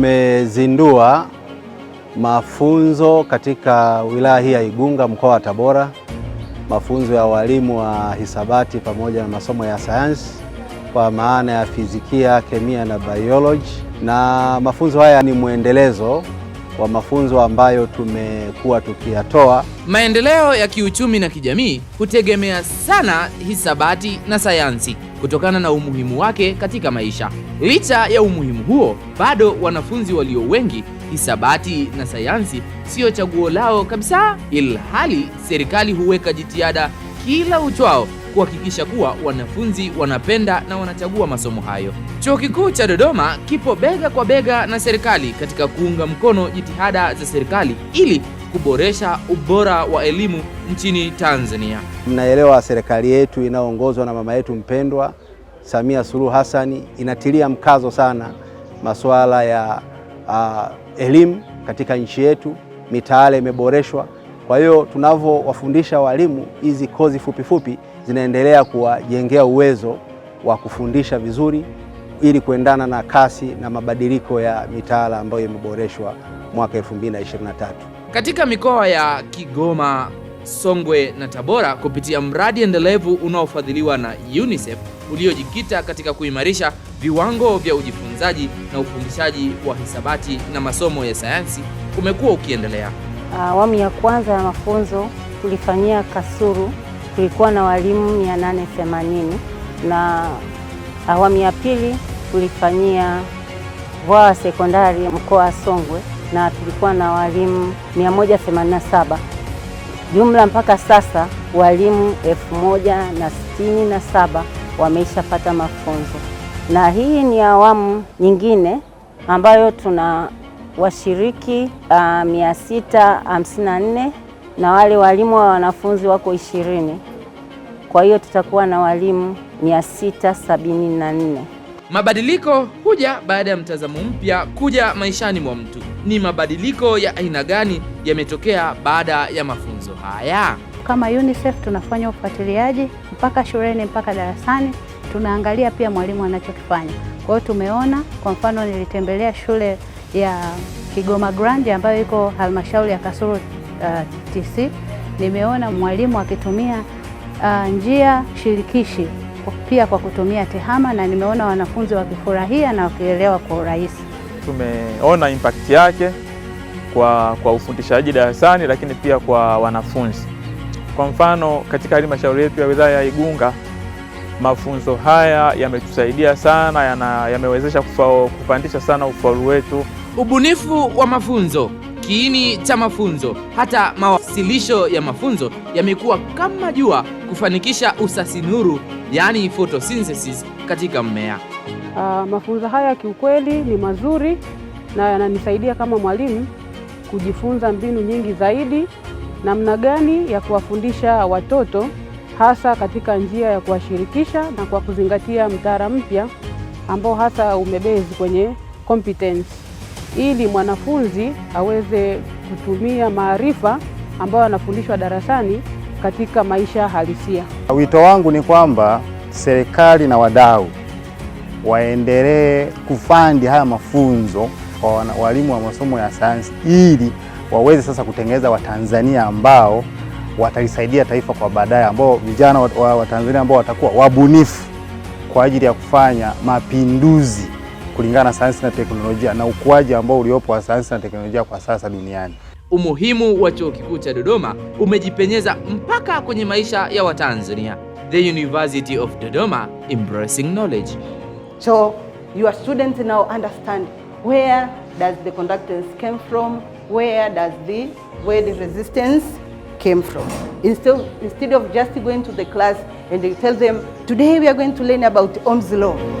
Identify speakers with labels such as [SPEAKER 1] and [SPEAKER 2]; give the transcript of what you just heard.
[SPEAKER 1] Tumezindua mafunzo katika wilaya hii ya Igunga mkoa wa Tabora, mafunzo ya walimu wa hisabati pamoja na masomo ya sayansi kwa maana ya fizikia, kemia na biology, na mafunzo haya ni mwendelezo wa mafunzo ambayo tumekuwa tukiyatoa.
[SPEAKER 2] Maendeleo ya kiuchumi na kijamii hutegemea sana hisabati na sayansi kutokana na umuhimu wake katika maisha. Licha ya umuhimu huo, bado wanafunzi walio wengi hisabati na sayansi siyo chaguo lao kabisa, ilhali serikali huweka jitihada kila uchwao kuhakikisha kuwa wanafunzi wanapenda na wanachagua masomo hayo. Chuo Kikuu cha Dodoma kipo bega kwa bega na serikali katika kuunga mkono jitihada za serikali ili kuboresha ubora wa elimu nchini Tanzania.
[SPEAKER 1] Mnaelewa serikali yetu inayoongozwa na mama yetu mpendwa Samia Suluhu Hassan inatilia mkazo sana masuala ya uh, elimu katika nchi yetu, mitaala imeboreshwa. Kwa hiyo tunavyowafundisha walimu, hizi kozi fupifupi zinaendelea kuwajengea uwezo wa kufundisha vizuri ili kuendana na kasi na mabadiliko ya mitaala ambayo imeboreshwa mwaka 2023
[SPEAKER 2] katika mikoa ya Kigoma, Songwe na Tabora kupitia mradi endelevu unaofadhiliwa na UNICEF uliojikita katika kuimarisha viwango vya ujifunzaji na ufundishaji wa hisabati na masomo ya sayansi umekuwa ukiendelea.
[SPEAKER 3] Awamu ya kwanza ya mafunzo tulifanyia Kasuru, tulikuwa na walimu 880 na awamu ya pili tulifanyia Vwawa sekondari mkoa wa Songwe na tulikuwa na walimu 187 jumla mpaka sasa walimu 1067 wameishapata mafunzo, na hii ni awamu nyingine ambayo tuna washiriki uh, 654 na wale walimu wa wanafunzi wako ishirini. Kwa hiyo tutakuwa na walimu 674.
[SPEAKER 2] Mabadiliko huja baada ya mtazamo mpya kuja maishani mwa mtu. Ni mabadiliko ya aina gani yametokea baada ya mafunzo haya?
[SPEAKER 4] Kama UNICEF tunafanya ufuatiliaji mpaka shuleni mpaka darasani, tunaangalia pia mwalimu anachokifanya. Kwa hiyo tumeona, kwa mfano, nilitembelea shule ya Kigoma Grand ambayo iko halmashauri ya Kasulu uh, TC. Nimeona mwalimu akitumia uh, njia shirikishi pia kwa kutumia TEHAMA na nimeona wanafunzi wakifurahia na wakielewa kwa urahisi.
[SPEAKER 5] Tumeona impact yake kwa, kwa ufundishaji darasani lakini pia kwa wanafunzi. Kwa mfano katika halmashauri yetu ya wilaya ya Igunga mafunzo haya yametusaidia sana, yamewezesha kupandisha sana ufaulu wetu.
[SPEAKER 2] Ubunifu wa mafunzo kiini cha mafunzo. Hata mawasilisho ya mafunzo yamekuwa kama jua kufanikisha usasi nuru, yaani photosynthesis katika mmea.
[SPEAKER 6] Uh, mafunzo haya kiukweli ni mazuri na yananisaidia kama mwalimu kujifunza mbinu nyingi zaidi, namna gani ya kuwafundisha watoto hasa katika njia ya kuwashirikisha na kwa kuzingatia mtaala mpya ambao hasa umebezi kwenye competence ili mwanafunzi aweze kutumia maarifa ambayo anafundishwa darasani katika maisha halisia.
[SPEAKER 1] Wito wangu ni kwamba serikali na wadau waendelee kufandi haya mafunzo kwa walimu wa masomo ya sayansi ili waweze sasa kutengeneza Watanzania ambao watalisaidia taifa kwa baadaye, ambao vijana wa Watanzania ambao watakuwa wabunifu kwa ajili ya kufanya mapinduzi kulingana na sayansi na teknolojia na ukuaji ambao uliopo wa sayansi na teknolojia kwa sasa duniani.
[SPEAKER 2] Umuhimu wa Chuo Kikuu cha Dodoma umejipenyeza mpaka kwenye maisha ya Watanzania. The University of Dodoma embracing knowledge.
[SPEAKER 7] So your students now understand where does the conductance came from, where does the where the resistance came from. Instead, instead of just going to the class and they tell them today we are going to learn about Ohm's law.